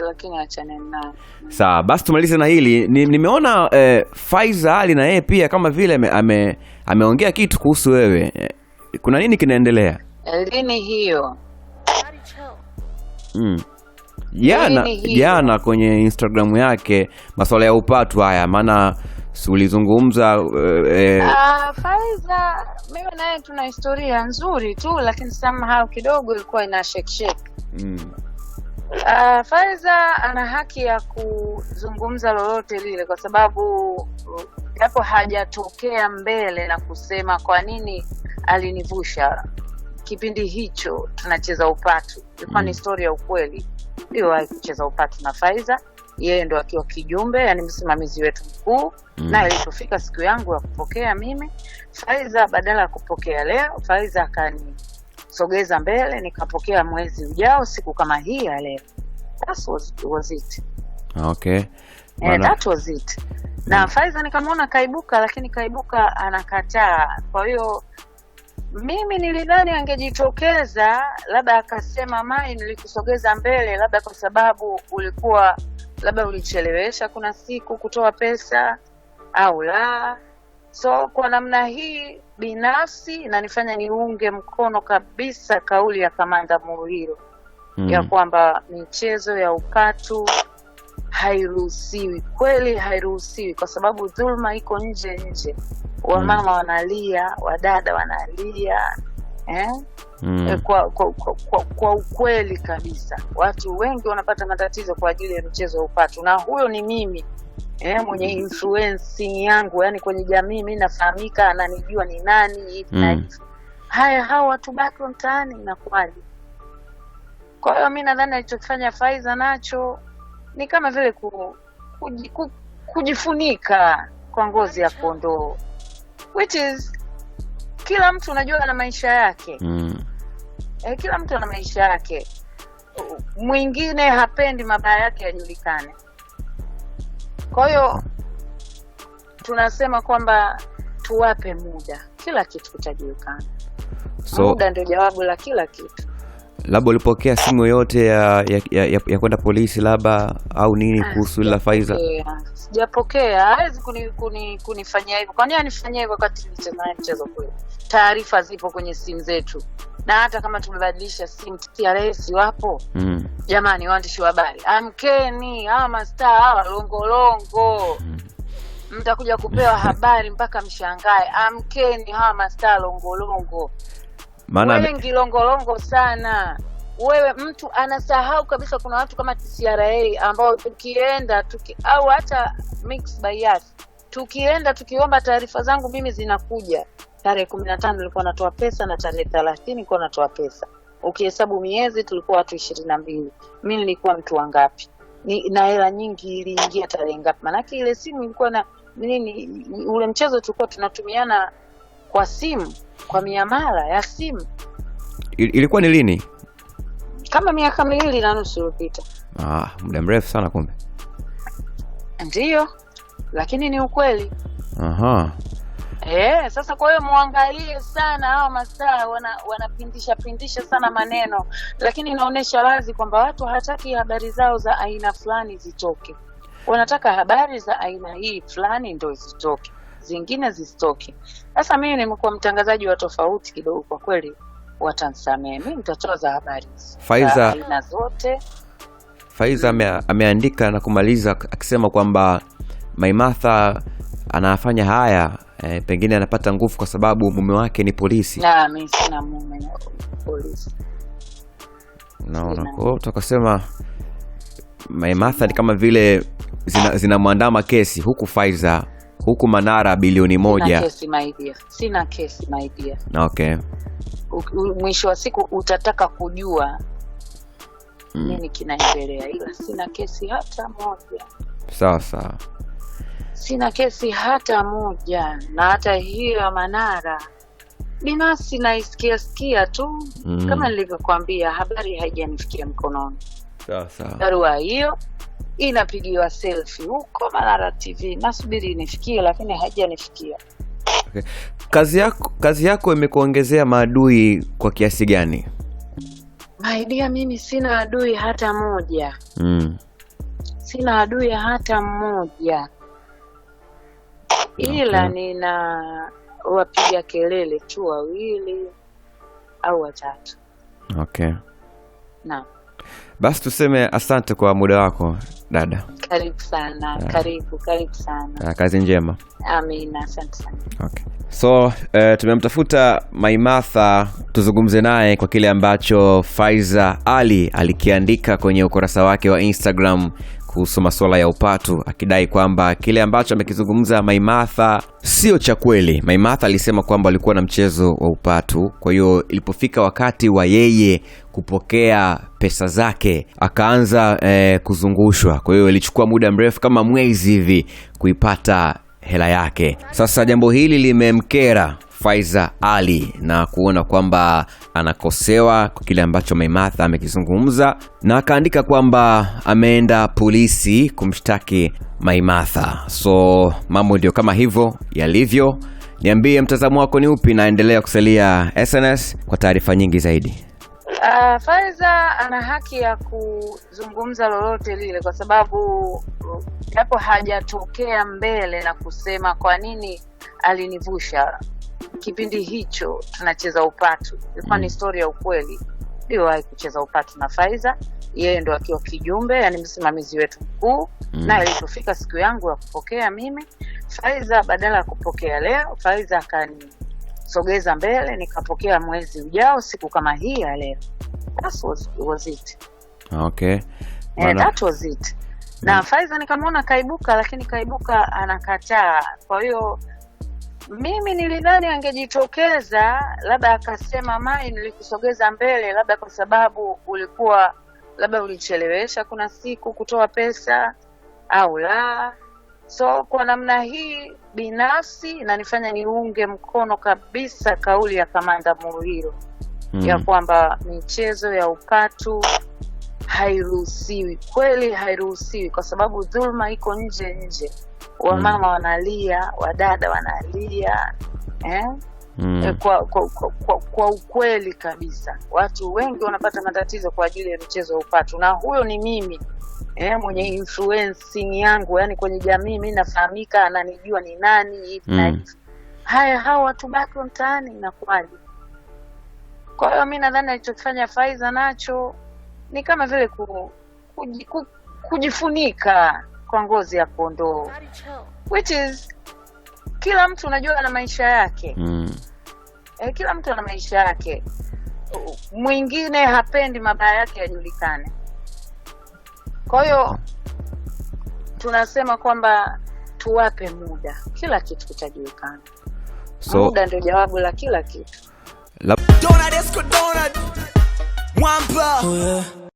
lakini achane nao. Sawa, basi tumalize na hili. Nimeona ni eh, Faiza Ali na yeye pia kama vile ameongea ame kitu kuhusu wewe. Eh, kuna nini kinaendelea? Eh, lini hiyo? Mm. Jana jana kwenye Instagram yake masuala ya upatu haya, maana si ulizungumza eh, uh, eh. ah, Faiza mimi naye tuna historia nzuri tu, lakini somehow kidogo ilikuwa ina shake shake. Mm. Uh, Faiza ana haki ya kuzungumza lolote lile kwa sababu uh, japo hajatokea mbele na kusema kwa nini alinivusha kipindi hicho tunacheza upatu, ilikuwa mm. ni stori ya ukweli. Iliwahi alicheza upatu na Faiza, yeye ndo akiwa kijumbe, yani msimamizi wetu mkuu mm. na ilipofika siku yangu ya kupokea mimi Faiza, badala ya kupokea leo, Faiza akani nikasogeza mbele nikapokea mwezi ujao siku kama hii ya leo. That was, was it. Okay. Eh, that was it. Na mm. Faiza nikamwona kaibuka, lakini kaibuka anakataa. Kwa hiyo mimi nilidhani angejitokeza labda akasema, Mai, nilikusogeza mbele labda kwa sababu ulikuwa labda ulichelewesha kuna siku kutoa pesa au la So kwa namna hii binafsi inanifanya niunge mkono kabisa kauli ya Kamanda Muriro mm. ya kwamba michezo ya ukatu hairuhusiwi, kweli hairuhusiwi, kwa sababu dhuluma iko nje nje. Wamama mm. wanalia, wadada wanalia eh? Mm. Kwa, kwa, kwa, kwa, kwa ukweli kabisa, watu wengi wanapata matatizo kwa ajili ya mchezo wa upatu, na huyo ni mimi eh, mwenye influence yangu yani kwenye jamii mi nafahamika, ananijua ni nani mm. haya, hawa watu baki wa mtaani inakuwaje? Kwa hiyo mi nadhani alichokifanya Faiza nacho ni kama vile ku, kuji, ku, kujifunika kwa ngozi ya kondoo which is kila mtu unajua ana maisha yake mm. eh, kila mtu ana maisha yake mwingine hapendi mabaya yake yajulikane kwa hiyo tunasema kwamba tuwape muda, kila kitu kitajulikana. So, muda ndio jawabu la kila kitu labda ulipokea simu yoyote ya, ya, ya, ya, ya kwenda polisi labda au nini ah, kuhusu la Faiza? Sijapokea, hawezi kunifanyia kuni, kuni hivyo. Kwani anifanyia hivyo wakati mchezaji mchezo kweli? Taarifa zipo kwenye simu zetu, na hata kama tumebadilisha simu TRS wapo mm. Jamani waandishi wa habari, amkeni hawa mastaa hawa longolongo mm. Mtakuja kupewa habari mpaka mshangae. Amkeni hawa mastaa longolongo maana wewe ngilongolongo sana wewe mtu anasahau kabisa. Kuna watu kama TCRA ambao tukienda tuki, au hata mix bias tukienda tukiomba taarifa zangu mimi zinakuja tarehe kumi na tano nilikuwa natoa pesa na tarehe thelathini nilikuwa natoa pesa. Ukihesabu miezi tulikuwa watu ishirini na mbili mi nilikuwa mtu wangapi? Ni, na hela nyingi iliingia tarehe ngapi? Maanake ile simu ilikuwa na nini, ule mchezo tulikuwa tunatumiana kwa simu, kwa miamala ya simu. Ilikuwa ni lini? Kama miaka miwili na nusu iliyopita. Ah, muda mrefu sana kumbe. Ndiyo, lakini ni ukweli. Aha. Eh, sasa kwa hiyo muangalie sana hawa mastaa wanapindisha pindisha sana maneno, lakini inaonyesha wazi kwamba watu hawataki habari zao za aina fulani zitoke, wanataka habari za aina hii fulani ndio zitoke zingine zisitoke. Sasa mimi nimekuwa mtangazaji wa tofauti kidogo kwa kweli, watansamee. Mimi nitatoza habari Faiza aina zote. Faiza ame, ameandika na kumaliza akisema kwamba maimatha anafanya haya eh, pengine anapata nguvu kwa sababu mume wake ni polisi. Na sina mume Naona kwao tukasema maimatha ni kama vile zinamwandama zina kesi huku Faiza huku Manara bilioni moja. Sina kesi maidia Okay. Mwisho wa siku utataka kujua mm, nini kinaendelea, ila sina kesi hata moja. Sawa sawa, sina kesi hata moja, na hata hiyo ya Manara binafsi naisikia sikia tu mm, kama nilivyokuambia habari haijanifikia mkononi. barua hiyo inapigiwa selfi huko Manara TV. Nasubiri inifikie, lakini haijanifikia. Okay. Kazi yako kazi yako imekuongezea maadui kwa kiasi gani? Maidia, mimi sina adui hata moja mm. Sina adui hata mmoja ila okay. Nina wapiga kelele tu wawili au watatu. Okay. Naam. Basi tuseme asante kwa muda wako dada. Karibu sana, ah. karibu karibu sana. Ah, kazi njema. Amina, asante sana. Okay. So uh, tumemtafuta maimatha tuzungumze naye kwa kile ambacho Faiza Ali alikiandika kwenye ukurasa wake wa Instagram kuhusu masuala ya upatu akidai kwamba kile ambacho amekizungumza maimatha sio cha kweli. maimatha alisema kwamba alikuwa na mchezo wa upatu, kwa hiyo ilipofika wakati wa yeye kupokea pesa zake akaanza eh, kuzungushwa. Kwa hiyo ilichukua muda mrefu kama mwezi hivi kuipata hela yake. Sasa jambo hili limemkera Faiza Ali na kuona kwamba anakosewa kwa kile ambacho maimatha amekizungumza, na akaandika kwamba ameenda polisi kumshtaki maimatha So mambo ndio kama hivyo yalivyo. Niambie mtazamo wako ni upi, naendelea kusalia SNS kwa taarifa nyingi zaidi. Uh, Faiza ana haki ya kuzungumza lolote lile, kwa sababu japo hajatokea mbele na kusema kwa nini alinivusha kipindi hicho, tunacheza upatu, ilikuwa ni mm. stori ya ukweli. Niliwahi kucheza upatu na Faiza, yeye ndo akiwa kijumbe, yani msimamizi wetu mkuu mm. na ilipofika siku yangu ya kupokea mimi, Faiza badala ya kupokea leo, Faiza akani sogeza mbele nikapokea mwezi ujao siku kama hii ya leo. That eh, Na mm. Faiza nikamwona kaibuka, lakini kaibuka anakataa. Kwa hiyo mimi nilidhani angejitokeza labda akasema, Mai, nilikusogeza mbele labda kwa sababu ulikuwa labda ulichelewesha kuna siku kutoa pesa au la, So kwa namna hii binafsi inanifanya niunge mkono kabisa kauli ya Kamanda Muriro mm. ya kwamba michezo ya upatu hairuhusiwi, kweli hairuhusiwi, kwa sababu dhuluma iko nje nje, wamama mm. wanalia, wadada wanalia eh? Mm. Kwa, kwa, kwa, kwa, kwa ukweli kabisa, watu wengi wanapata matatizo kwa ajili ya mchezo ya upatu, na huyo ni mimi eh, mwenye influencing yangu, yani kwenye jamii mi nafahamika, ananijua ni nani mm. na haya hawa watu baki mtaani inakuwaje? Kwa hiyo mi nadhani alichokifanya Faiza nacho ni kama vile ku, kuj, ku, kujifunika kwa ngozi ya kondoo which is kila mtu unajua ana maisha yake mm. eh, kila mtu ana maisha yake mwingine hapendi mabaya yake yajulikane kwa hiyo tunasema kwamba tuwape muda, kila kitu kitajulikana. So, muda ndio jawabu la kila kitu.